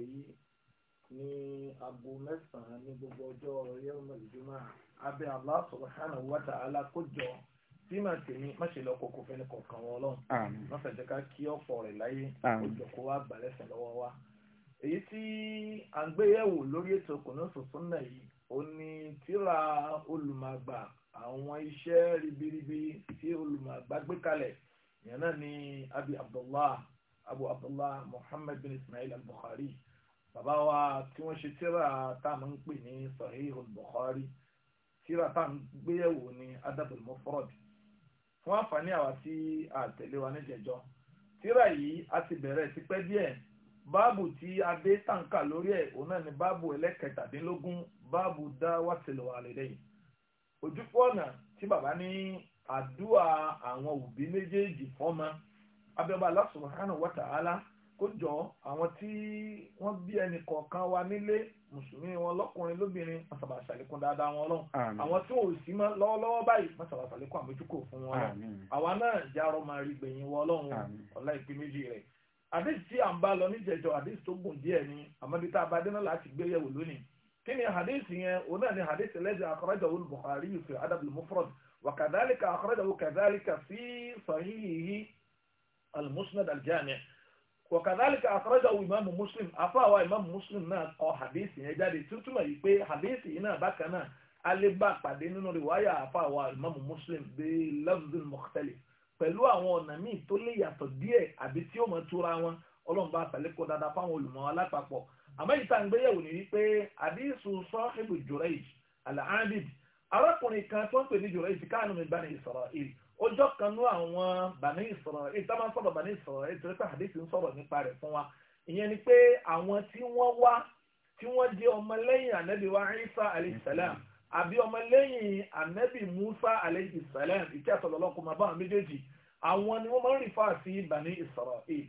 yìí ní aago mẹ́sàn-án ní gbogbo ọjọ́ yawmul jumu'ah abẹ́ Allah subhanahu wa ta'ala kó jọ bí màá tèmi má ṣe lọ kókó fẹ́ni kọ̀ọ̀kan wọn lọ́hùn má fẹ́ jẹ́ ká kí ọ̀pọ̀ rẹ̀ láyé kó jọ kó wá gbàlẹ́sẹ̀ lọ́wọ́ wa èyí tí à ń gbé yẹ̀wò lórí ètò Kunutu Sunna yìí ó ní tíra olùmọ̀gbà àwọn iṣẹ́ ribiribi tí olùmọ̀gbà gbé kalẹ̀ ìyẹn náà ni abi abdullah abu abdullah muhammad bin ismail al-bukhari bàbá wa tí wọ́n ṣe tíra tá a máa ń pè ní Sahihul Bukhari tíra tá a ń gbéyẹ̀wò ní Adabul Mufrad fún àǹfààní àwa tí a tẹ̀lé wa níjẹ̀jọ́ tíra yìí a ti bẹ̀rẹ̀ tipẹ́ díẹ̀ báàbù tí a dé tàǹkà lórí ẹ̀ òun náà ni báàbù ẹlẹ́kẹtàdínlógún báàbù dá wàtìlọ̀ àlẹ́dẹ́yìn ojúpọ̀ ọ̀nà tí bàbá ní àdúrà àwọn òbí méjèèjì fọ́mọ abẹ́bà Allah subhanahu wa ta'ala kó jọ àwọn tí wọ́n bí ẹnì kọ̀ọ̀kan wa nílé mùsùlùmí wọn lọ́kùnrin lóbìnrin wọ́n sábà ṣàlékún dáadáa wọn lọ́hùn àwọn tí wọn ò sí mọ́ lọ́wọ́lọ́wọ́ báyìí wọ́n sábà àmójúkò fún wọn àwa náà járọ́ máa rí gbẹ̀yìn wọn lọ́hùn ọ̀la ìpín méjì rẹ̀ àdéhùn tí à ń bá lọ níjẹ̀jọ́ àdéhùn tó gùn díẹ̀ ni àmọ́dé tá láti gbé yẹ̀wò lónìí kí ni hadith yẹn òun náà ni hadith lẹ́sẹ̀ akhrajahu al-Bukhari fi adab al-mufrad wa kadhalika akhrajahu kadhalika fi sahihihi al-musnad wọ̀kàdálìkà àfọ́jọ́ ìmáàmù muslim afáwà ìmáàmù muslim náà kọ hadisi yẹn jáde tútúmọ̀ yìí pé hadisi yìí náà bákan náà alébà pàdé nínú rìwáyà afáwà ìmáàmù muslim bíi lafzul mukhtalif pẹ̀lú àwọn ọ̀nà míì tó lè yàtọ̀ díẹ̀ àbí tí ó mọ̀ túra wọn ọlọ́run bá àtàlẹ́kọ̀ọ́ dáadáa fáwọn olùmọ̀ alápapọ̀ àmọ́ ìta ìgbéyàwó ni wípé àdísù sahibu Jurayj al-Abid arákùnrin kan tó ń pè ní Jurayj káànù min Bani Isra'il ọjọ́ kan àwọn Bani Isra'il èyí tá máa ń Bani Isra'il èyí tó pé hadith ń sọ̀rọ̀ nípa rẹ̀ fún wa ìyẹn ni pé àwọn tí wọ́n wá tí wọ́n jẹ́ ọmọlẹ́yìn ànábì wa Isa alayhi salam àbí ọmọlẹ́yìn ànábì Musa alayhi salam ìkí àtọ̀lọ́lọ́kùn máa bá àwọn méjèèjì àwọn ni wọ́n máa ń rìfà sí Bani Isra'il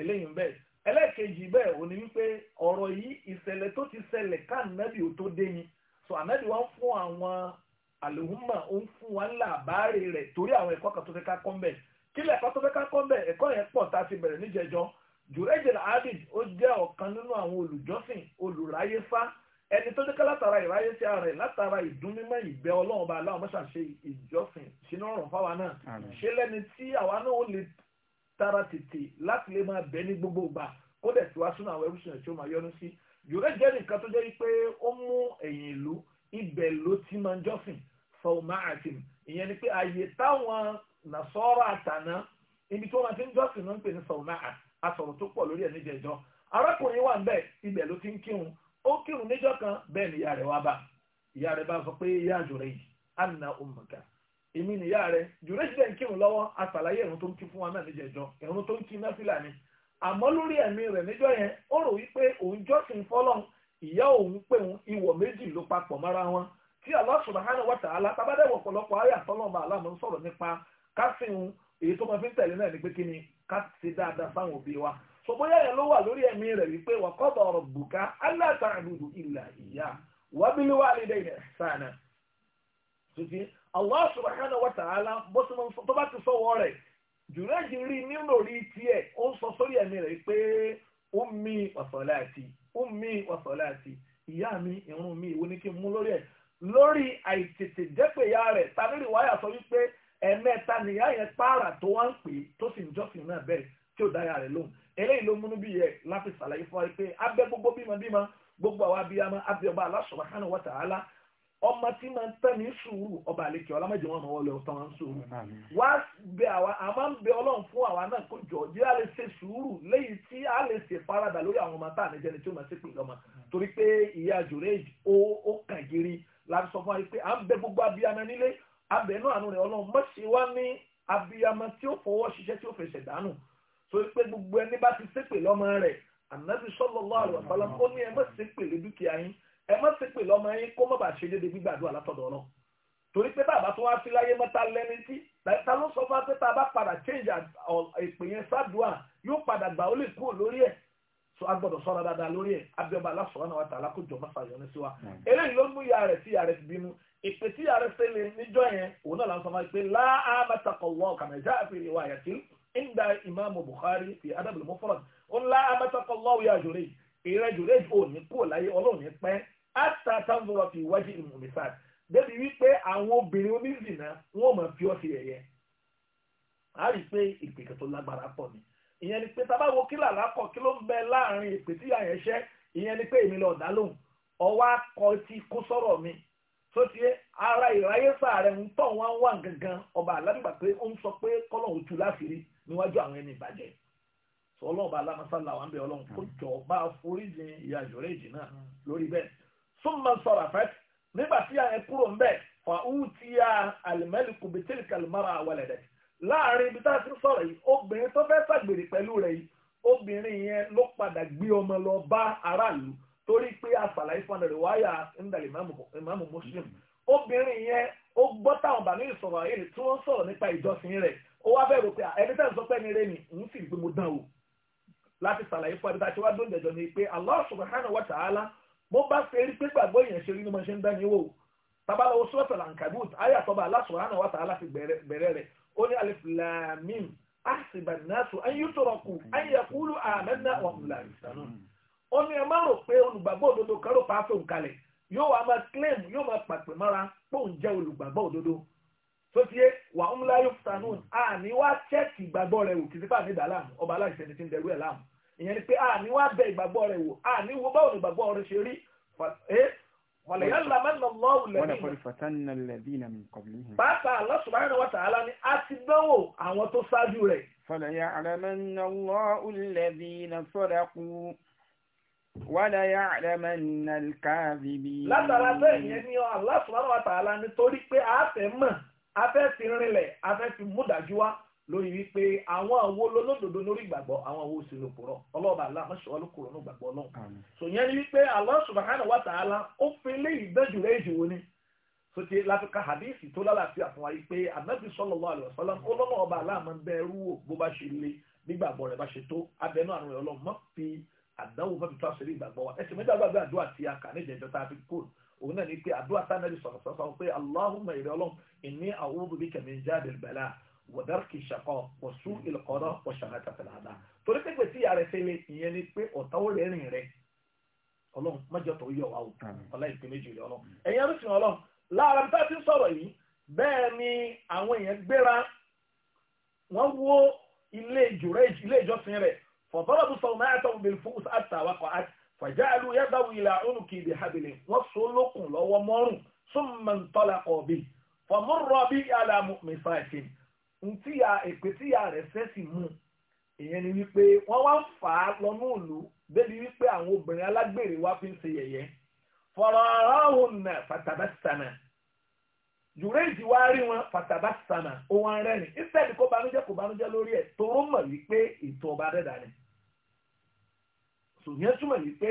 eléyìí bẹ́ẹ̀ ẹlẹ́ẹ̀kejì bẹ́ẹ̀ ò ní wípé ọ̀rọ̀ yìí ìṣẹ̀lẹ̀ tó ti ṣẹlẹ̀ ká ànábì ò tó dé ni so ànábì wa ń fún àwọn àlòhùnmà ó ń fún wa láàbáàrè rẹ̀ torí àwọn ẹ̀kọ́ kan tó fẹ́ ká kọ́ ń bẹ̀ kílẹ̀ ẹ̀kọ́ tó fẹ́ ká kọ́ ń bẹ̀ ẹ̀kọ́ yẹn pọ̀ tá a ti bẹ̀rẹ̀ níjẹjọ́ jùrẹ́jẹ̀lá adid ó jẹ́ ọ̀kan nínú àwọn olùjọ́sìn olùráyéfá ẹni tó dékẹ́ látara ìráyésí ààrẹ látara ìdúnmímọ́ ìbẹ́ ọlọ́run bá aláwọ̀ mọ́ṣá ṣe ìjọsìn sínú ọ̀rọ̀ fáwa náà ṣe lẹ́ni tí àwa náà ó lè tara tètè láti lè máa bẹ ní gbogbo ìgbà kó dẹ̀ sínú àwọn ẹrú sìnà tí ó máa yọnu sí jùlọ nìkan tó jẹ́ pé ó mú ẹ̀yìn ìlú ibẹ̀ ló ti máa ń jọ́sìn fọmáàtìm ìyẹn ni pé àyè táwọn nàṣọ́rọ̀ àtàná ibi tó máa ti ń jọ́sìn ló ń pè ní fọmáà asọ̀rọ̀ tó pọ̀ lórí ẹ̀ arákùnrin wà kan bẹ́ẹ̀ ni ìyá rẹ̀ wá bá ìyá rẹ̀ bá sọ pé ìyá àjòrè yìí èmi nìyá rẹ̀ ń kírun lọ́wọ́ tó ń kí fún wa náà níjẹ̀jọ́ tó ń kí ni àmọ́ lórí ẹ̀mí rẹ̀ níjọ́ yẹn ó ìyá òun pé ìwọ̀ méjì ló papọ̀ mọ́ra wọn tí Allah subhanahu wa ta'ala tabadẹ́wọ̀ ọ̀pọ̀lọpọ̀ ayé àtọ́lọ́mọ aláàmọ́ sọ̀rọ̀ nípa kásìn èyí tó máa fi ń tẹ̀lé náà ni pé kí ni ká dáadáa fáwọn òbí wa yẹn wà lórí ẹ̀mí rẹ̀ wípé wa qada rabbuka alla wa bil ummi wa salati ìyá mi ìrun mi ìwo ni kí n mú lórí ẹ̀ lórí àìtètè dẹ́pẹ̀ ìyá rẹ̀ tàbí wáyà sọ wípé ẹ̀mẹ́ta nìyá yẹn pààrà tó wá ń pè é tó sì ń jọ́sìn náà bẹ́ẹ̀ tí ò dáyà rẹ̀ lóhùn eléyìí ló múnú bí yẹ láti ṣàlàyé fún wa pé abẹ́ gbogbo bímọ bímọ gbogbo àwa abiyamọ abẹ́ ọba Allah subhanahu wa ta'ala ọmọ tí máa ń tán ní sùúrù ọba àlekè ọlámọdé wọn mọ wọlé ọtọ wọn sùúrù wá bẹ àwa ọmọ tá àníjẹ́ ni tí ó máa ṣépè lọ́mọ torí pé ìyá jùrẹ́ẹ̀dì ó kàn gírí láti sọ fún wa pé à ń bẹ gbogbo abiyamọ nílé abẹ́nú àánú rẹ̀ ọlọ́run mọ̀ ṣe wá ní abiyamọ tí ó fọwọ́ ṣiṣẹ́ tí ó fẹsẹ̀ dànù torí pé gbogbo ẹni bá ti ṣépè lọ́mọ rẹ̀ ànábì sallallahu alaihi wasallam ó ní ẹ má ṣépè lé dúkìá yín ẹ má ṣépè lọ́mọ yín kó má bàa ṣe déédéé gbígbàdúrà látọ̀dọ̀ ọlọ́run torí pé bàbá tó wá sí láyé mọ́ta lẹ́ni tí ta ló sọ fún wa pé tá a bá padà change ìpè yẹn sádùá yóò padà gbà ó lè kúrò lórí ẹ̀ so a gbọ́dọ̀ ṣọ́ra dáadáa lórí ẹ̀ abíọ́ba aláṣọ̀rọ̀ náà wà tà alákòjọ mọ́fà yọ̀ọ́nù sí wa hmm. eléyìí ló mú ìyá rẹ̀ sí ìyá rẹ̀ bínú ìpè tí ìyá rẹ̀ sẹ́lẹ̀ níjọ́ yẹn òun náà là ń sọ máa pé láàmàtàkọ̀wọ́ kàmẹ́jà fi riwayati inda ìmáàmù Bukhari fi adabul mufrad ó láàmàtàkọ̀wọ́ ya Jurej ìrẹ́ Jurej ò ní kú láyé ọlọ́run ní pẹ́ àtà táwọn fi wájú ìmùmísàd débi wípé àwọn obìnrin onízìnnà wọn mọ̀ fi ọ́ sí ẹ̀yẹ ìyẹn ni pé tábà wo kí làlá kọ kí ló ń bẹ láàrin èpè tí ìyá yẹn ṣẹ́ ìyẹn ni pé èmi lọ dá lóhùn ọwọ́ akọ ti kó sọ̀rọ̀ mi tó ti yé ara ìráyé sàárẹ̀ ń tọ̀ wá ń wà gangan ọba aládùúgbà pé ó ń sọ pé kọ́lọ̀ òtù láfìrí níwájú àwọn ẹni ìbàjẹ́ sọ ọlọ́run bá alámasá làwọn bẹ ọlọ́run kó jọ foríjìn ìyá àjọrẹ́ ìjì náà lórí bẹ́ẹ̀ súnmọ́ sọ̀rọ̀ àfẹ́ nígbà tí àwọn kúrò ń bẹ̀ fà ó ti ya àlùmẹ́lì kùbìtìlì kàlùmọ́ra àwọlẹ̀dẹ̀ láàrin ibi tá a ti sọ̀rọ̀ yìí obìnrin tó fẹ́ ṣàgbèrè pẹ̀lú rẹ̀ yìí obìnrin yẹn ló padà gbé ọmọ lọ bá aráàlú torí pé àṣàlàyé fún ọ̀nà rẹ̀ wáyà ńdàlẹ̀ ìmáàmù Muslim obìnrin yẹn ó gbọ́ táwọn bàbá sọ̀rọ̀ nípa ìjọsìn rẹ̀ ó wá fẹ́ rò ẹni tẹ́ ń sọ pé mo dán o láti ṣàlàyé fún jọ ni pé Allah subhanahu pé mo ó ní alif lam mim ahsiba an-nasu an yutraku an yaqulu amanna wa hum la yuftanun ó ní ẹ má rò pé olùgbàgbọ́ òdodo kan rò pa á fóun kalẹ̀ yóò wá máa claim yóò máa pàpè mọ́ra póun jẹ́ olùgbàgbọ́ òdodo tó ti yé wà ń láyò fúntanún àní wá chẹ́ẹ̀kì ìgbàgbọ́ rẹ̀ wò kìsìkà ànídà láàmú ọba aláìsẹ̀ ní ti ń dẹrú ẹ̀ láàmú ìyẹn ni pé àní wá bẹ ìgbàgbọ́ rẹ̀ wò àní wo báwo ni ìgbàgbọ́ rẹ̀ ṣe rí eh, wàlẹ̀yàlá mẹ́lọ lọ́wọ́ lẹ́yìn. wọ́n dàpọ̀ fatanna alladhina min qablihim. bàtà Allah subhanahu wa ta'ala ni a ti dánwò àwọn tó ṣáájú rẹ̀. falaya'lamanna Allahu alladhina sadaqu wala ya'lamanna al-kadhibin. látara bẹ́ẹ̀ yẹn ni Allah subhanahu wa ta'ala nítorí pé a fẹ́ mọ̀ a fẹ́ fi rinlẹ̀ a fẹ́ fi mú dájú wá lórí wípé àwọn àwo lọ́lọ́dọ̀dọ̀ lórí ìgbàgbọ́ àwọn àwo sì lò pọ̀rọ̀ ọlọ́ọ̀bà aláàmọ́sọ̀ ọlọ́kùnrin ní ìgbàgbọ́ náà sò yẹn ni wípé Allah subhanahu wa ta'ala ó fi léyìí bẹ́jù léjì wo ni tó ti láti ka hadithi tó lálàáfíà fún wa yìí pé anabi sallallahu alaihi wasallam ó lọ́nà ọba aláàmọ́ ń bẹ́ẹ̀ rú wò bó bá ṣe le nígbàgbọ́ rẹ̀ bá ṣe tó abẹnú àrùn rẹ̀ ọlọ́mọ fi àdánwò bá fi tó àṣírí ìgbàgbọ́ wa ẹsẹ̀ méjì òun náà ni pé àdúrà tá a sọ̀rọ̀ sọ́sọ́ pé Allahumma ìrẹ́ ọlọ́run ìní a'udhu bika min jadil bala wọ̀dọ́rọ̀kì ṣàkọ́ ọ̀ṣù ìlọ́kọ́rọ́ ọ̀ṣàrà tàfẹ́láàdá torí pé pèsè ìyá rẹ̀ fẹ́lẹ̀ ìyẹn ni pé ọ̀tá ó rẹ́rìn rẹ̀ ọlọ́run mọ́jọ́ tó yọ wa o ọlá ìpín méjì rẹ̀ ọlọ́run ẹ̀yin arúfin ọlọ́run lára bí tá a ti ń sọ̀rọ̀ yìí bẹ́ẹ̀ ni àwọn èèyàn gbéra wọ́n wó ilé ìjọsìn rẹ̀ fọ̀tọ́rọ̀ bí sọ̀rọ̀ máa tọ́ bẹ̀rẹ̀ fún àtàwakọ̀ àti fàjáàlú yàtàwù ìlà ònùkì ìdè habìlẹ̀ wọ́n so lókun lọ́wọ́ mọ́rùn súnmọ̀ ntọ́lá ọ̀bì fọ̀mùrọ̀ bí alàmù mẹ́fà ẹ̀sìn ntíya èpè tíya rẹ̀ sẹ́sì mú ìyẹn ni wípé wọ́n wá fà á lọ́nú òlu débi wípé àwọn obìnrin alágbèrè wá fi ń ṣe yẹ̀yẹ́ fọ̀rọ̀ ọ̀rọ̀ òun nà fàtàbàtànà jùrẹ́ẹ̀jì wá rí wọn fàtàbàtànà òun arẹ́rìn instead kó banújẹ́ kó banújẹ́ lórí ẹ̀ toró mọ̀ wípé ètò ọba dẹ́dà ni sòmíẹ́ túmọ̀ wípé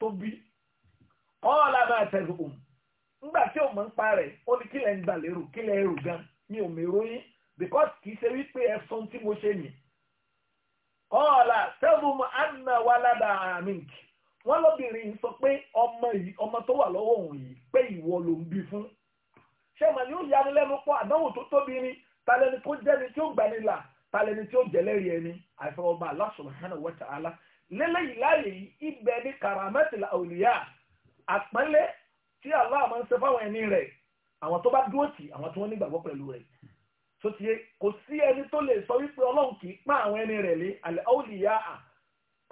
tó bí ọ̀ọ́lá máa tẹ̀lé òun nígbà tí òun ń pa ó ní kílẹ̀ ń kílẹ̀ mi ò mèrò yín because kì í ṣe wípé ẹ̀sùn mo ṣe nì anna ládàá amink wọ́n lóbìnrin sọ pé ọmọ yìí ọmọ tó wà lọ́wọ́ òun yìí pé ìwọ ló ń bí fún ṣé ni talẹ́ni kó jẹ́ni tí gbani talẹ́ni jẹ́lẹ́rìí ẹni lélẹ́yìí láàyè yìí ibẹ̀ ní karamatila awliya àpẹ́lẹ́ tí Allah máa ń ṣe fáwọn ẹni rẹ̀ àwọn tó bá dúró tì àwọn tí wọ́n nígbàgbọ́ pẹ̀lú rẹ̀ tó ti yé kò sí ẹni tó lè sọ wípé ọlọ́run kì í pa àwọn ẹni rẹ̀ lé al awliya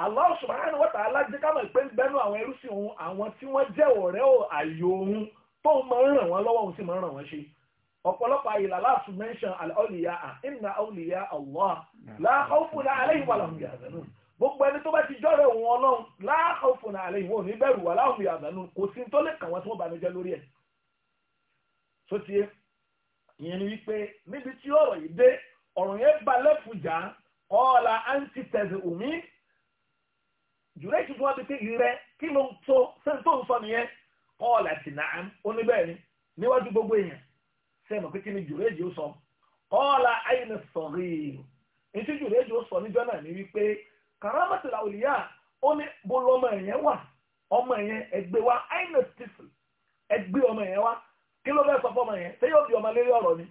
Allah subhanahu wa ta'ala jẹ́ ká mọ̀ pé gbẹ́nu àwọn ẹrú sí òun àwọn tí wọ́n jẹ́ ọ̀rẹ́ àyò òun tó máa ń ràn wọ́n lọ́wọ́ òun sì máa ràn wọ́n ṣe ọ̀pọ̀lọpọ̀ àyìnlá láti mention al awliya inna awliya Allah la khawfun alayhim wa lahum yahzanun gbogbo ẹni tó bá ti jọ́rọ̀ òun ọlọ́run láàkọ́ fúnra rẹ̀ ìwọ̀n ní bẹ̀rù wà láwọn ìyá àgbà kò sí tó lè kàn wọ́n tí bá mi jẹ́ lórí ẹ̀. sotie ìyẹn ni wípé níbi tí ọ̀rọ̀ yìí dé ọ̀rọ̀ yẹn ba lẹ́fùjà ọ̀la antitẹ̀sì omi jùlọ ìtútù wọn ti pé ìrẹ kí ló ń tó sẹ́ni tó ń sọ nìyẹn ọ̀la tì náà oníbẹ̀ẹ́ni níwájú gbogbo èèyàn sẹ́mi pé kí ni jùlọ èjì ó sọ ọ̀la ayé ni sọ̀rí ètí jùlọ èjì ó sọ níjọ́ náà ni wípé karamatul awliya ó ní bolo ọmọ yẹn wà ọmọ yẹn ẹgbẹ́ wa aina stifle ẹgbẹ́ ọmọ yẹn wá kí ló fẹ́ sọ fọmọ yẹn ṣé yóò di ọmọ lérí ọ̀rọ̀ ni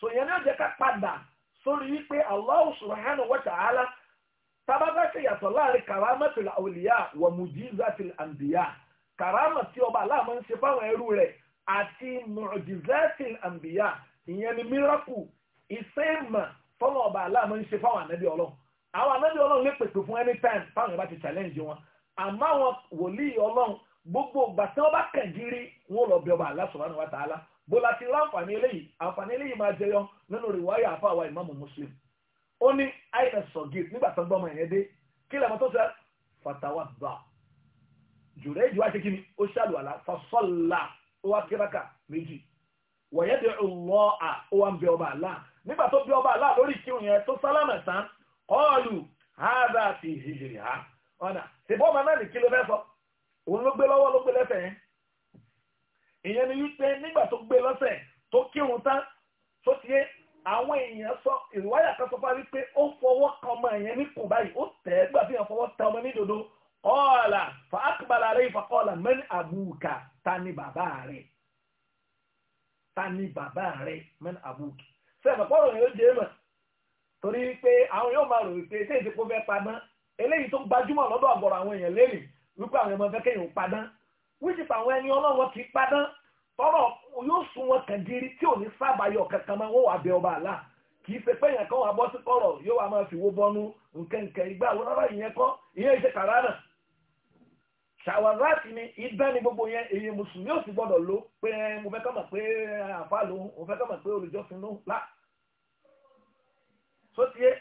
so yẹn náà jẹ́ ká padà sórí wípé Allahu subhanahu wa ta'ala tábàbá ṣe yàtọ̀ láàrin karamatul awliya wa mujizatil anbiya karama tí ọba aláàmọ́ ń ṣe fáwọn ẹrú rẹ̀ àti mujizatil anbiya ìyẹn ni miracle ìfẹ́ mà ọba aláàmọ́ ń ṣe fáwọn ànábì ọlọ́run àwọn anábì ọlọ́run lè pèsè fún anytime táwọn yẹn bá ti challenge wọn àmọ́ àwọn wòlíì ọlọ́run gbogbo ìgbà tí wọ́n bá kẹ̀gírí wọn lọ bí ọba Allah subhanahu wa ta'ala bó la ti rá àǹfààní eléyìí àǹfààní eléyìí máa jẹyọ nínú rìwáyà àfa àwa ìmáàmù Muslim ó ní àìsàn sọ̀gìt nígbà tó ń gbọ́ ọmọ yẹn dé kí lẹ́mọ̀ tó sẹ́ fatawa bá jùlọ èjì wá ṣe kí ni ó ṣàlùwàlá fasọ́là ó wá kíraka méjì wọ̀nyẹ́dẹ̀ ọ̀wọ́ à ó wá ń bẹ ọba Allah nígbà tó bẹ ọba Allah lórí kírun yẹn tó sálámẹ̀ tán kọ́ọ̀lù háàbà fi ìhìjìrì ha ọ̀nà ṣèbọ́ màmá ní kí ló fẹ́ sọ òun ló gbé lọ́wọ́ ló gbé lẹ́sẹ̀ yẹn ìyẹn ni wípé nígbà tó gbé lọ́sẹ̀ tó kírun tán tó ti yé àwọn èèyàn sọ ìwáyà kan sọ fáwọn wípé ó fọwọ́ kan ọmọ yẹn ní kùn báyìí ó tẹ̀ ẹ́ gbà fi hàn fọwọ́ tẹ ọmọ nídodo ọ̀ọ́là fàákùbàlà rẹ̀ ìfọ̀kọ́ọ̀là mẹ́ni àbúkà ta bàbá rẹ̀ ta bàbá rẹ̀ mẹ́ni àbúkà sẹ́ẹ̀mọ̀ pọ́ọ̀rọ̀ yẹn jẹ́ mọ̀ torí pé àwọn yóò máa rò wípé ṣé ìdìpọ̀ fẹ́ padán eléyìí tó gbajúmọ̀ lọ́dọ̀ àgọ̀rọ̀ àwọn èèyàn lẹ́nu wípé àwọn ọmọ fẹ́ kéèyàn padán wíṣípà àwọn ẹni ọlọ́wọ́ kì í padán tọrọ yóò sún wọn kàndírí tí ò ní sábàáyọ kankan máa wọ́n wà bẹ ọba àlá kì í ṣe pé èèyàn kan wà bọ́ sí kọ̀rọ̀ yóò wà máa fi wó bọ́nú nkẹ́nkẹ́ ìgbà rárá ìyẹn kọ́ ìyẹn ìṣe kàránà ṣàwáráàtì ni ìdán ni gbogbo yẹn èyí mùsùlùmí ò sì gbọdọ̀ lò pé mo fẹ́ kọ́ mọ̀ pé àfáà lòun mo fẹ́ kọ́ mọ̀ pé olùjọ́sìn lòun lá tó ti yé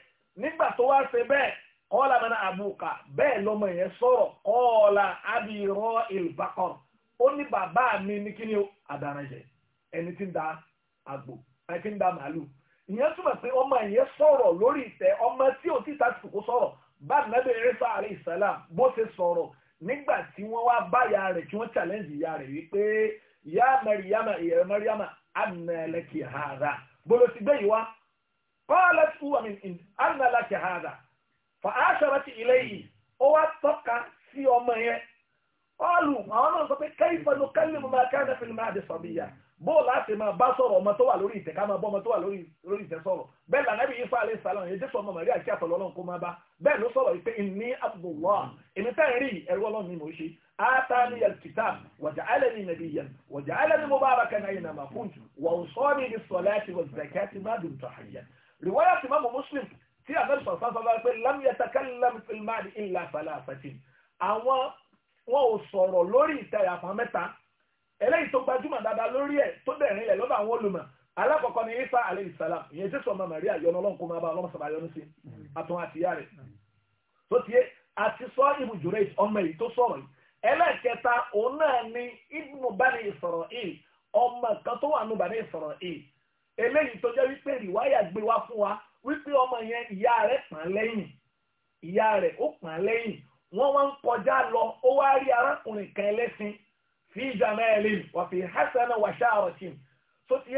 nígbà tó wá ṣe bẹ́ẹ̀ kọ́ọ̀lá mẹ́ta àbùkà bẹ́ẹ̀ lọ́mọ yẹn sọ̀rọ̀ kọ́ọ̀lá abirọ́ ìlbàkọ́n ó ní bàbá mi ní kíni o àdàrànjẹ ẹni tí ń da àgbò ẹni tí ń da màálù ìyẹn túmọ̀ pé ọmọ yẹn sọ̀rọ̀ lórí ìtẹ́ ọmọ tí ò tí ì tàbí kò sọ̀rọ̀ bá nàbẹ̀ ẹ̀rẹ́sà àrẹ ìsàlá bó ṣe sọ̀rọ̀ nígbà tí wọ́n wá bá ya rẹ̀ tí wọ́n challenge ya rẹ̀ wípé ya Maryama ya Maryama anna laki hadha bolo ti bẹ́ẹ̀ wá قالت هو من عند أن لك هذا فأشرت إليه هو تقع في أمه قالوا ما أنا صبي كيف نكلم ما كان في المهد صبيا bó láti máa bá sọ̀rọ̀ ọmọ tó wà lórí ìtẹ̀ ká máa bọ́ ọmọ tó wà lórí ìtẹ̀ sọ̀rọ̀ bẹ́ẹ̀ lànàbí yìí fà lè sàlọ̀ yẹn jésù ọmọ màrí àti àtọ̀lọ́ ọlọ́run kó máa bá bẹ́ẹ̀ ló sọ̀rọ̀ pé ní abdullah èmi tá ń rí ẹ̀rú ọlọ́run ni mò ń ṣe atani alkitab waja'alani nabiyyan waja'alani mubarakan aina ma kuntu wa usani bis salati waz zakati ma dumtu hayyan riwaya ti Imamu Muslim tí abẹ́rẹ́ sọ̀rọ̀ sáfà bá pé lam yatakallam fil ma'di illa thalathatin àwọn wọn ò sọ̀rọ̀ lórí ìtẹ̀yà fún mẹ́ta eléyìí tó gbajúmọ̀ dáadáa lórí ẹ̀ tó dẹ̀ rinlẹ̀ lọ́dọ̀ àwọn olùmọ̀ alákọ̀ọ́kọ́ ni Isa alayhi salam ìyẹn Jésù ọmọ Màríà yọnu ọlọ́run kó máa bá ọlọ́run sábà yọnu sí àtún àtìyá rẹ̀ tó tiẹ̀ àti sọ ibùdó rẹ̀ ọmọ yìí tó sọ̀rọ̀ yìí ẹlẹ́ẹ̀kẹta òun náà ni ibnu bani Isra'il ọmọ kan tó wà nù bani Isra'il eléyìí tó jẹ́ wípé rìwáyà gbé wá fún wa wípé ọmọ yẹn ìyá rẹ̀ pàn lẹ́yìn ìyá rẹ̀ ó pàn lẹ́yìn wọ́n wá ń kọjá lọ ó wá rí arákùnrin kan ẹlẹ́sìn fi jamalin wà fi hasana wà sha'aratin tó ti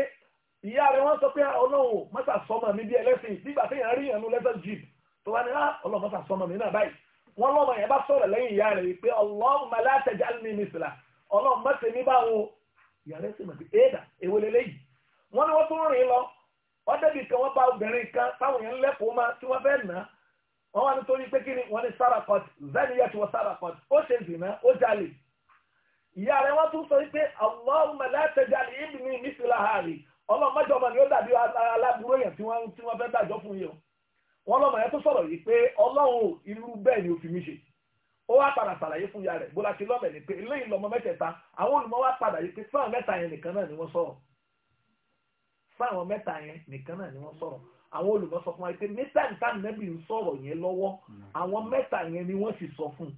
ìyá rẹ̀ wọ́n sọ pé ah, ọlọ́wọ́ mọ́tà sọmọ mi bí ẹlẹ́sìn nígbà tí yẹn rí yẹn nu lẹ́sẹ̀ jeep tó wá ní ah, ọlọ́wọ́ mọ́tà sọmọ mi náà báyìí wọ́n lọ́mọ yẹn bá sọ̀rọ̀ lẹ́yìn ìyá rẹ̀ wípé Allahumma la taj'alni misla ọlọ́wọ́ mọ́tà mi báwo ìyá rẹ̀ sì mọ̀ wọ́n ni wọ́n tún rìn lọ wọ́n débi kan wọ́n bá obìnrin kan táwọn èèyàn lẹ́kọ̀ọ́ máa tí wọ́n fẹ́ nà wọn wọ́n tó nítorí pé kí ni wọ́n ni sarakot zaniya tí wọ́n sarakot ó ṣe zìnà ó jalè ìyá rẹ̀ wọ́n tún sọ pé Allahumma la tajal ibni mithla hali ọlọ́mọdé ọmọ ni ó dàbí aláburú tí wọ́n fẹ́ dàjọ́ fún yìí o yẹn yìí pé fáwọn mẹ́ta yẹn nìkan náà ni wọ́n sọ̀rọ̀ àwọn olùmọ̀ sọ fún wa pé mẹ́ta nǹkan nẹ́bí ń sọ̀rọ̀ yẹn lọ́wọ́ àwọn mẹ́ta yẹn ni wọ́n sì sọ fún un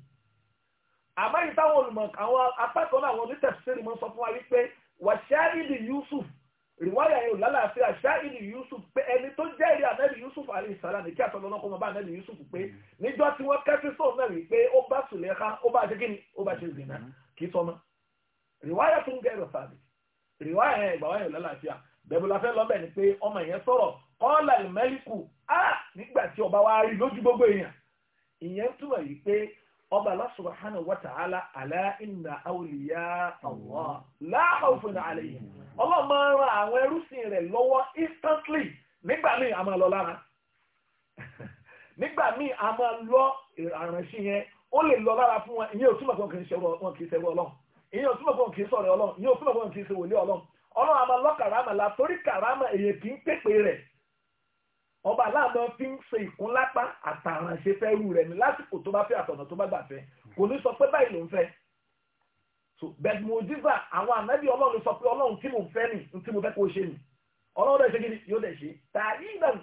àbáyé táwọn olùmọ̀ àwọn apákan náà àwọn onítẹ̀síṣẹ́rì mọ́ sọ fún wa wípé wàṣáìdì Yusuf rìwáyà yẹn ò lálàáfíà ṣáìdì Yusuf pé ẹni tó jẹ́rìí ànábì Yusuf alayhi salam ní kí àtọ́lọ́nà kọ́ mọ́ bá ànábì Yusuf pé níjọ́ tí wọ́n kẹ́sí sóun náà wípé ó bá Sùlẹ́ká ó bá ṣe kíni ó bá ṣe zìnà kì í sọmọ rìwáyà tún gẹ́rọ̀ sábì rìwáyà yẹn ìgbà wáyà ò lálàáfíà bẹ̀rù la fẹ́ lọ́bẹ̀ ni pé ọmọ yẹn sọ̀rọ̀ kọ́ọ̀là ìmẹ́ríkù á nígbà tí ọba wa rí gbogbo èèyàn ìyẹn túmọ̀ yìí pé ọba Allah subhanahu wa ala inna awliya Allah la khawfun alayhim ọlọ́run máa ń ran àwọn ẹrúsìn rẹ̀ lọ́wọ́ instantly nígbà míì a máa lọ lára lọ yẹn ó lè lọ lára fún wọn ìyẹn ò túmọ̀ pé wọn kì í ọlọ́run àmọ́ lọ́kàrámà la torí kàrámà èyàn kì í pèpè rẹ̀ ọba aláàmọ́ fi ń ṣe ìkúnlápá àtàràn ṣe fẹ́ rú rẹ̀ ní lásìkò tó bá fẹ́ àtọ̀nà tó bá gbà fẹ́ kò ní sọ pé báyìí ló ń fẹ́ so bẹ́ẹ̀ mo dífà àwọn ànábì ọlọ́run sọ pé ọlọ́run tí mo fẹ́ ni tí mo fẹ́ kó ṣe ni ọlọ́run dẹ̀ ṣe kí ni yóò dẹ̀ ṣe tààrí ìdàn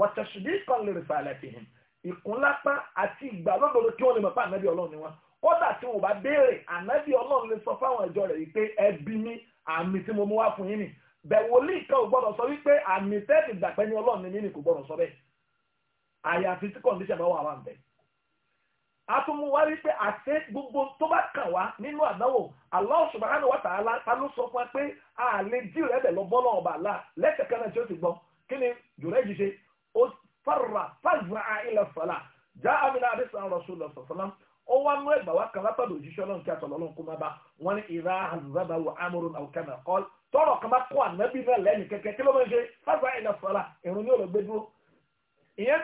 wàtàṣùdí kan lè rìfà àlàfihàn hàn ìkúnlápá àti ìgbà lọ́dọ̀ọ́dọ̀ kí wọ́n lè mọ̀ pé ànábì ọlọ́run ni wọ́n kódà tí wọ́n bá béèrè ànábì ọlọ́run lè sọ fáwọn ẹ̀jọ́ rẹ̀ wípé ẹbí mi àmì tí mo mú wá fún yín nì bẹ̀ wòlíì kan ò gbọ́dọ̀ sọ wípé àmì tẹ́ẹ̀tì gbàgbẹ́ ní ọlọ́run ní ní kò gbọ́dọ̀ sọ bẹ́ẹ̀ àyàfi tí kọ̀ǹdíṣàn bá wà wà bẹ́ẹ̀ atúmú wá wípé àti gbogbo tó bá kàn wá nínú àdánwò Allah subhanahu wa ta'ala ta ló sọ fún wa pé a lè dí rẹ̀ bẹ̀ lọ bọ́ lọ́wọ́ bá la lẹ́sẹ̀ kan náà tí ó ti gbọ́ kí ni jùlọ ìjì ṣe ó fara fàzà ilẹ̀ fàlà já àmì náà àdìsàn rasulullah sallallahu alaihi wasallam ó wá nú ẹgbà wá kan látọ̀dọ̀ òjíṣẹ́ ọlọ́run kí atọ̀ lọ́lọ́run kó má bá wọn ní ìrà àlùzábà wọ amúrún tọrọ kama bá anabi ànábì náà lẹ́yìn kí ló máa ń ṣe fáfá ilẹ̀ sọ́la ìrún ní òrògbé dúró ìyẹn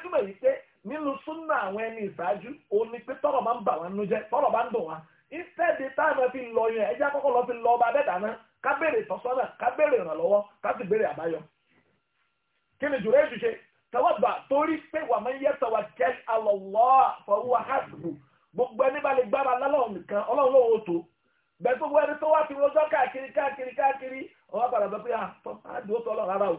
pé tọrọ máa ń bà wá nínú tọrọ bá ń dùn wá táwọn fi lọ yẹn ẹjẹ́ lọ fi lọ ọba gbogbo ẹni bá lè gbára lọ́lọ́run nìkan ọlọ́run lòun ò tó bẹ́ẹ̀ gbogbo ẹni tó wá ti rojọ́ káàkiri káàkiri káàkiri ọwọ́ padà bẹ́ẹ̀ pé àdúró tó ọlọ́run ara o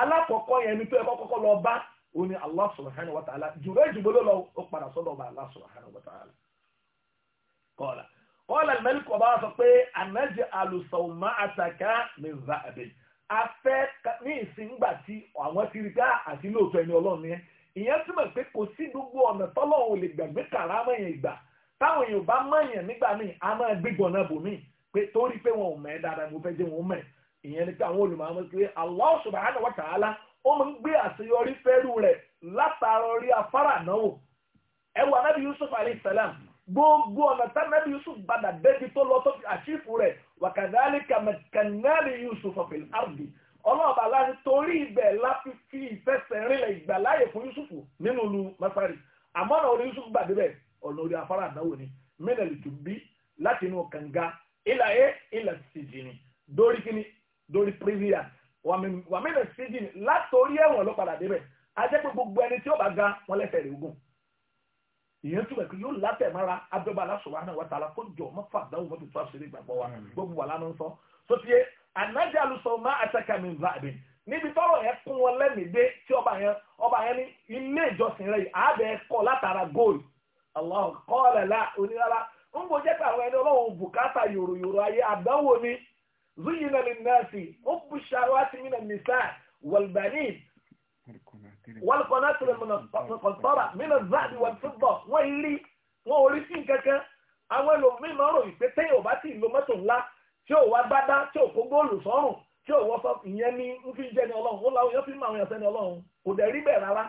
alákọ̀ọ́kọ́ yẹn ni tó ẹ̀kọ́ kọ́kọ́ lọ bá o ní Allah subhanahu wa ta'ala jùlọ ìjùbọ́ lọ ó padà sọ́dọ̀ ọba Allah subhanahu wa ta'ala kọ́ọ̀lá kọ́ọ̀lá mẹ́líkù ọba sọ pé anájẹ alùsọ̀ọ̀mà ìyẹn túmọ̀ pé kò sí gbogbo ọ̀nà tọ́lọ́hún ò lè gbàgbé kàrámọ̀ yẹn ìgbà táwọn èèyàn bá mọ̀yàn nígbà míì a máa gbégbọ̀n náà bò míì pé torí pé wọn ò mẹ́ dáadáa mo fẹ́ jẹ́ wọn mẹ́ ìyẹn ni pé àwọn olùmọ̀ọ́mọ́ pé Allah subhanahu wa ta'ala ó máa ń gbé àṣeyọrí fẹ́rù rẹ̀ látara orí afárá náà wò ẹ Yusuf alayhi salam gbogbo ọ̀nà tá anábì Yusuf padà débi tó lọ tó fi àṣìfù rẹ̀ wa kadhalika Yusuf fil ọlọ́ọ̀bà láti torí ibẹ̀ láti fi ìfẹsẹ̀rinlẹ̀ ìgbàláyè fún Yusufu nínú ìlú Masari àmọ́ ọ̀nà orí Yusufu gbà débẹ̀ ọ̀nà orí afárá àdáwò ni mẹ́nẹ̀lì tó bí láti inú kànga ilà yẹ ilà síjì ni dórí kíni dórí pírẹ́sìyà wà mẹ́nẹ̀ síjì ni látòrí ẹ̀wọ̀n ló padà débẹ̀ ajẹ́ pé gbogbo ẹni tí ó bá ga wọn lẹ́sẹ̀ rẹ̀ ogun ìyẹn túbọ̀ pé yóò látẹ̀ mára abẹ́bà aláṣọ wa náà kó jọ mọ́fà dáhùn mọ́tò tó àṣírí wa gbogbo wà lánàá ń sọ sótìyẹ ànájà alùsọ̀ ma àtàkàmì ìbàdí níbi tọ́rọ̀ yẹn kún wọn lẹ́mìí dé tí ọba yẹn ọba ni ní ilé ìjọsìn a abia kọ́ tara gold Allah kọ́ọ̀lẹ̀ la onírara ń ayé ni zuyina lè nẹ́ẹ̀sì ó bu ṣàwátì mí nà nìsá wàlbàní wàlùkọ́nà tìrẹ̀ mọ̀nà mínà záàdì wà fúbọ̀ bá tí ò wá gbádá tí ò kó góòlù sọ́rùn tí ò wọ́sọ ìyẹn ní ń fi jẹ́ ni ọlọ́run ó láwọn yóò fi mọ àwọn èèyàn sẹ́ni ọlọ́run kò dẹ̀ rí bẹ́ẹ̀ rárá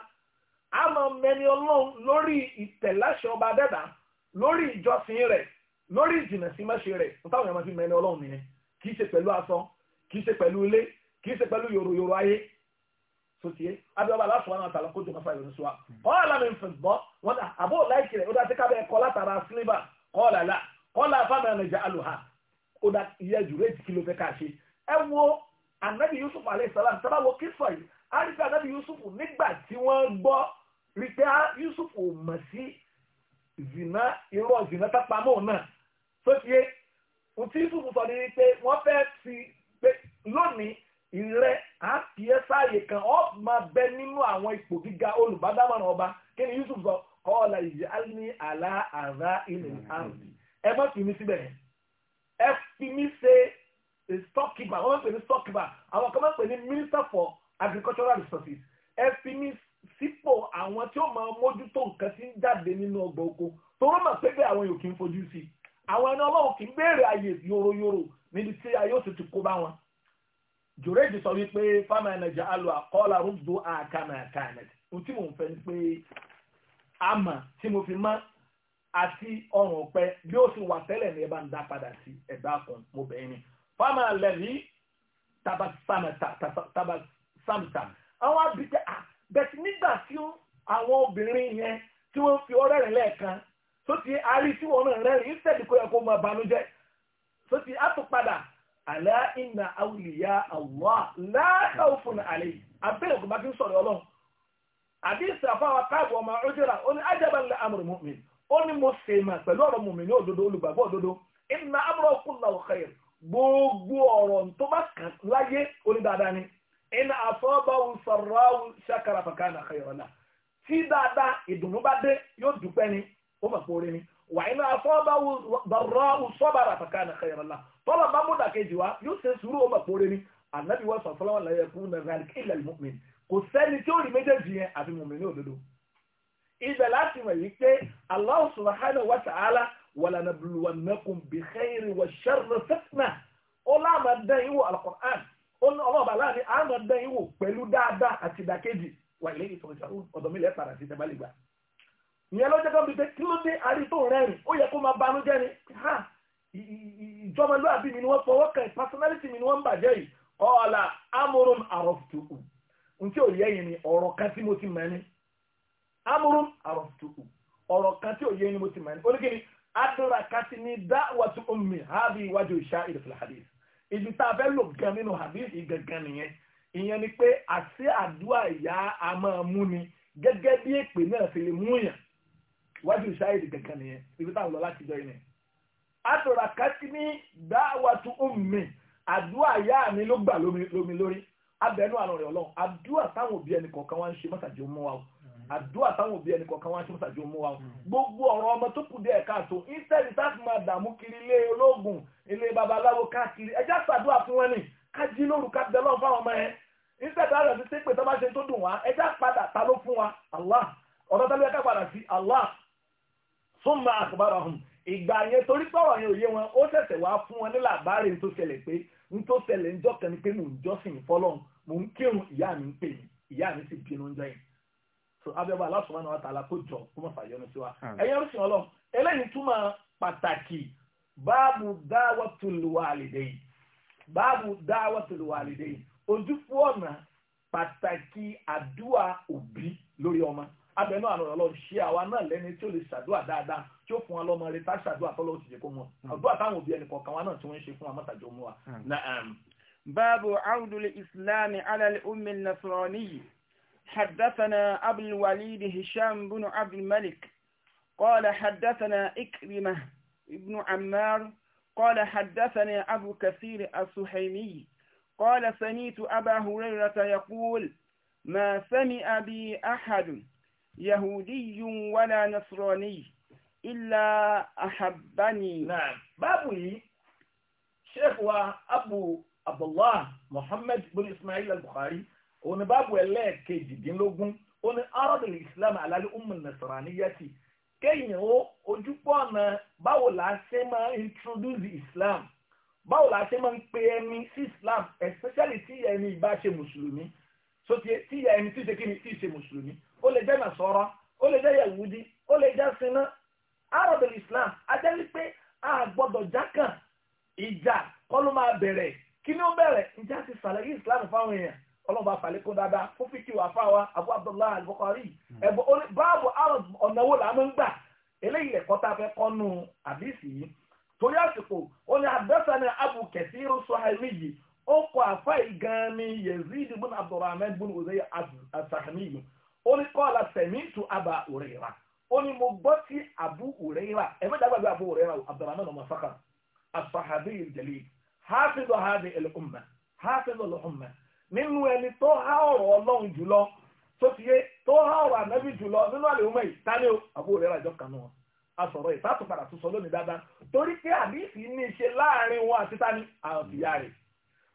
a máa mẹni ọlọ́run lórí ìtẹ̀láṣẹ ọba dẹ́dà lórí ìjọsìn rẹ̀ lórí ìjìnà sí mẹ́ṣe rẹ̀ táwọn èèyàn máa fi mẹni ọlọ́run nìyẹn kì í ṣe pẹ̀lú aṣọ kì í ṣe pẹ̀lú ilé kì í ṣe pẹ̀lú yòròyòrò ayé ó dá iye jù rẹ́ẹ̀tì kí ló fẹ́ ká ṣe ẹ wo anabi yusuf alayhi salam tọ́lá wo kí sọ yìí á rí pé anabi yusuf nígbà tí wọ́n gbọ́ rí pé yusuf ò mọ̀ sí zina irọ́ zina tápamọ́ náà tó ti yé ohun tí yusuf sọ ni pé wọ́n fẹ́ fi pé lónìí ìrẹ́ àti ẹ sáàyè kan ọ máa bẹ nínú àwọn ipò gíga olùbádámọ̀ràn ọba kí ni yusuf sọ kọ́ ọ̀la ìyá ní àlá àrá ilẹ̀ àrùn ẹ má fi mi síbẹ̀ yẹn ẹ fi mí ṣe stockkeeper àwọn máa pè ní stockkeeper àwọn kan máa pè ní minister for agricultural resources ẹ fi mí sípò àwọn tí ó máa mójútó nǹkan tí ń jáde nínú ọgbà oko torí mà pé bẹ́ẹ̀ àwọn yòó kì í fojú sí i àwọn ẹni ọlọ́run kì í béèrè àyè yòròyòrò níbi tí ayé òsì ti kó bá wọn. jòrèjì sọ wípé fáma ẹnẹjà alọ àkọọ́lá rúdò àkànà àkànà ohun tí mò ń fẹ́ ni pé àmà tí mo fi máa àti ọrùn ọ̀pẹ bí ó ti wà tẹ́lẹ̀ ní ẹ ń dá padà sí ẹ̀dá kan mo bẹ̀ẹ́ ni fáwọn alẹ́ ní tabasamta àwọn abijá bẹ̀tì nígbà tí àwọn obìnrin yẹn tí wọ́n fi ọ̀rẹ́ rẹ̀ lẹ́ẹ̀kan tó ti arí tí wọn náà rẹ́rìn ìsẹ́ẹ̀dì kó yẹ kó máa banújẹ́ tó ti àtúpadà àlá ìnà àwùlíyá àwùwá láàkà òfin àlè abẹ́rẹ́ kò bá ti ń sọ̀rọ̀ ọlọ́run àdìsí àfáwà káàbọ̀ ọmọ ọjọ́ra ó ní ajaban la amru ó ní mo sè mà pẹ̀lú ọ̀rọ̀ mùmí ní òdodo olùgbàgbọ́ òdodo inna amrakum lahu khair gbogbo ọ̀rọ̀ tó bá kàn láyé onídàáda ni inna asabahu sarra'u shakara fakana khairan lahu tí dáadáa ìdùnnú bá dé yóò dúpẹ́ ni ó mà pòórè ni wà inna asabahu darra'u sabara fakana khairan lahu tọ́lọ̀ bá mú dàkejì wá yóò ṣe sùúrù ó mà pòórè ibẹ̀ láti mọ̀ yìí pé Allah subhanahu wa ta'ala walanabluwannakum bi khayri wa sharri fitna ó láàmà dán yín wò alukur'an ó ní ọlọ́ọ̀bà láàrin àmà dán yín wò pẹ̀lú dáadáa àti ìdàkejì wà ilé ìtọ́jà ọ̀dọ̀ mi lẹ́ẹ̀ fara sí tẹ́bálẹ̀ gbà. ìyẹn ló jẹ́ kó bi pé kí ló dé àárín tó rẹ́rìn ó yẹ kó máa banú jẹ́ ni ha ìjọmọlúwàbí mi ni wọ́n fọwọ́ kàn personality mi ni wọ́n ń bàjẹ́ yìí ọ̀la amúrún àròfùtù amúrún àròtùkù ọ̀rọ̀ kan tí òye ni mo ti mọ̀ ní oníkìní adúrakati ní dáwàtú omi hábi iwájú ìṣá ìdìfìlà hadith ibi tá a fẹ́ lò gan nínú hadith gangan nìyẹn ìyẹn ni pé àti àdúrà ìyá a máa mú ni gẹ́gẹ́ bí èpè náà fi lè mú yàn iwájú ìṣá ìdì nìyẹn ibi tá a lọ láti jọ ìyẹn adúrakati ní dáwàtú omi àdúrà ìyá mi ló gbà lómi lórí abẹnú àlọ́ rẹ̀ ọlọ́run àdúrà táwọn òbí ẹnì kọ̀ọ̀kan wá ń ṣe mọ́tàjọ́ mọ́ wa o àdúrà táwọn òbí ẹnì kọ̀ọ̀kan wá ṣe mọ́sàájú mú wa gbogbo ọ̀rọ̀ ọmọ tó kù díẹ̀ káàtó instead táàtì máa dààmú kiri ilé olóògùn ilé babaláwo káàkiri ẹjá ṣàdúrà fún wọn ni ká jí lóru ká lọ́wọ́ fáwọn ọmọ yẹn instead táwọn ọ̀rọ̀ ti ṣe pé tó bá ṣe tó dùn wá ẹjá padà ta ló fún wa Allah ọ̀rọ̀ tó lè ká padà sí Allah summa akhbarahum ìgbà yẹn torí pọ̀rọ̀ yẹn ò yé wọn ó ṣẹ̀ṣẹ̀ wá fún wọn ní làbárè ní tó ṣẹlẹ̀ pé ní tó ṣẹlẹ̀ ń jọ́kẹ́ ni pé mò ń jọ́sìn fọlọ́n mò ń kírun ìyá mi ń pè mí ìyá mi sì bínú ń jọ yẹn so abẹ́bọ̀ Allah subhanahu wa ta'ala kó jọ kó má fàyọnu sí wa ẹ̀yẹ́ rúṣin ọlọ́run eléyìí túmọ̀ pàtàkì báàbù da'watul walidayn báàbù da'watul walidayn ojúfú ọ̀nà pàtàkì àdúrà òbí lórí ọmọ abẹnú àrùn ọlọ́run ṣe àwa náà lẹ́ni tí ó lè ṣàdúrà dáadáa tí ó fún wa lọ́mọ rẹ tá ṣàdúrà tọ́lọ́ ti jẹ́ kó mọ̀ àdúrà táwọn òbí ẹnì kọ̀ọ̀kan wa náà tí wọ́n ń ṣe fún wa mọ́tàjọ́ mú wa. báàbù awdul islam ala al-ummi nasrani حدثنا أبو الوليد هشام بن عبد الملك قال حدثنا إكرمة بن عمار قال حدثنا أبو كثير السحيمي قال سميت أبا هريرة يقول ما سمع بي أحد يهودي ولا نصراني إلا أحبني نعم بابي شيخ أبو عبد الله محمد بن إسماعيل البخاري òun ni báàbù ẹlẹ́ẹ̀kejìdínlógún ó ní arọ́dìlì islam alálẹ́ umu nasraniyati kéèyàn ó ojúpọ̀ ọ̀nà báwo la ṣe máa introduce islam báwo la ṣe máa ń pe ẹni sí islam especially tí ẹni ìbá ṣe mùsùlùmí so tí ẹni tí ṣe kíni tí ṣe mùsùlùmí ó lè jẹ́ nàṣọ́rọ́ ó lè jẹ́ yahudi ó lè jẹ́ sinna arọ́dìlì islam ajẹ́ wípé a gbọ́dọ̀ jákàn ìjà kọ́ ló máa bẹ̀rẹ̀ kí ni ó bẹ̀rẹ̀ ìjà ti sàlẹ̀ islam fáwọn èèyàn ọlọ́ba àfàlékún dáadáa fún fíkì wà fáwa abu abdullahi al-bukhari hmm. ẹ̀bùn orí báàbù arab ọ̀nàwó là ń gbà eléyìí ẹ̀kọ́ tá a fẹ́ kọ́nu àdìsí yìí torí àsìkò ó ní adásánì abu kẹsìrì sọ́hàmì yìí ó àfa abdulrahman uzay yìí ó ní sẹ̀mí tu aba ó ní abu abu abdulrahman ọmọ asahabi jẹlẹ nínú ẹni tó há ọ̀rọ̀ ọlọ́run jùlọ tó ti yé tó há ọ̀rọ̀ ànábì jùlọ nínú àlè ọmọ yìí tálẹ́ o àbúrò rẹ̀ ràjọ kànú wọn asọ̀rọ̀ ìtàtù padà tún sọ lónìí dáadáa torí pé àdìsí ní í ṣe láàrin wọn àti tani àwọn ìyá rẹ̀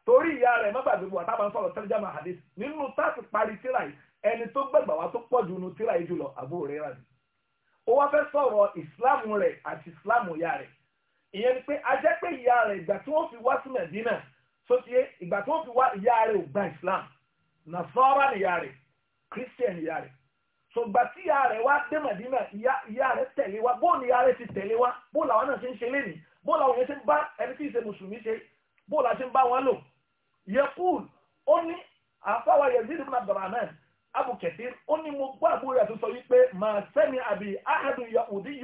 torí ìyá rẹ̀ má gbàgbé wà táwọn sọ̀rọ̀ tẹ́lẹ̀jà máa àdìsí nínú táàtù parí tíra yìí ẹni tó gbẹ̀gbà wá tó pọ̀ jù nínú tíra yìí jùlọ àbúrò sóṣìṣẹ́ ìgbà tó fi wá ìyá rẹ̀ ò gba islam na nìyá rẹ̀ christian yare rẹ̀ sọgbà tí ìyá rẹ̀ wá dé màdínà ìyá rẹ̀ tẹ̀lé wa bóòlù ìyá ti wa bóòlù àwọn náà ṣe ń ṣe lé ní bóòlù àwọn yẹn ṣe ń bá ẹni tí ìṣe mùsùlùmí ṣe bóòlù àṣẹ ń bá wọn lò ó ní àfáwà abdulrahman abu ó ní mo gbọ́ àbúrò sọ màá sẹ́mi àbí ahadu yìí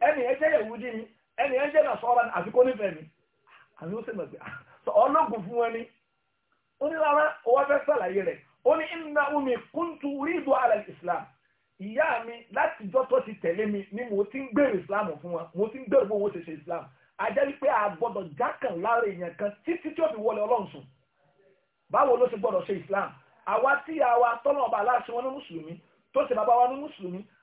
ẹnì yẹn jẹ́ yẹ̀wù dí mi ẹnì yẹn jẹ́ nàṣọ́ra ni àfikún nífẹ̀ẹ́ mi àmì ó sì mọ̀ sí ah, sọ ọlọ́gùn fún wọn ni ó ní rárá fẹ́ sàlàyé rẹ̀ ó ní inna umi kuntu rídu ala islam ìyá mi látijọ́ tó ti tẹ̀lé mi ni mo ti ń gbèrò islam fún wọn mo ti ń gbèrò bó wọn ṣe ṣe islam ajẹ́ wípé a gbọ́dọ̀ lára èèyàn kan títí tí ó fi wọlé ọlọ́run sùn báwo ló ṣe gbọ́dọ̀ ṣe àwa tí àwa tọ́lọ́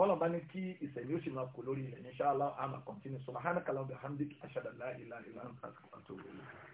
tọ́lọ̀ bá ní kí ìṣẹ̀lẹ̀ ó sì máa kó lórí ilẹ̀ insha Allah àmà kọ́ntínú subhanaka Allahumma wa bihamdika ashhadu an la ilaha illa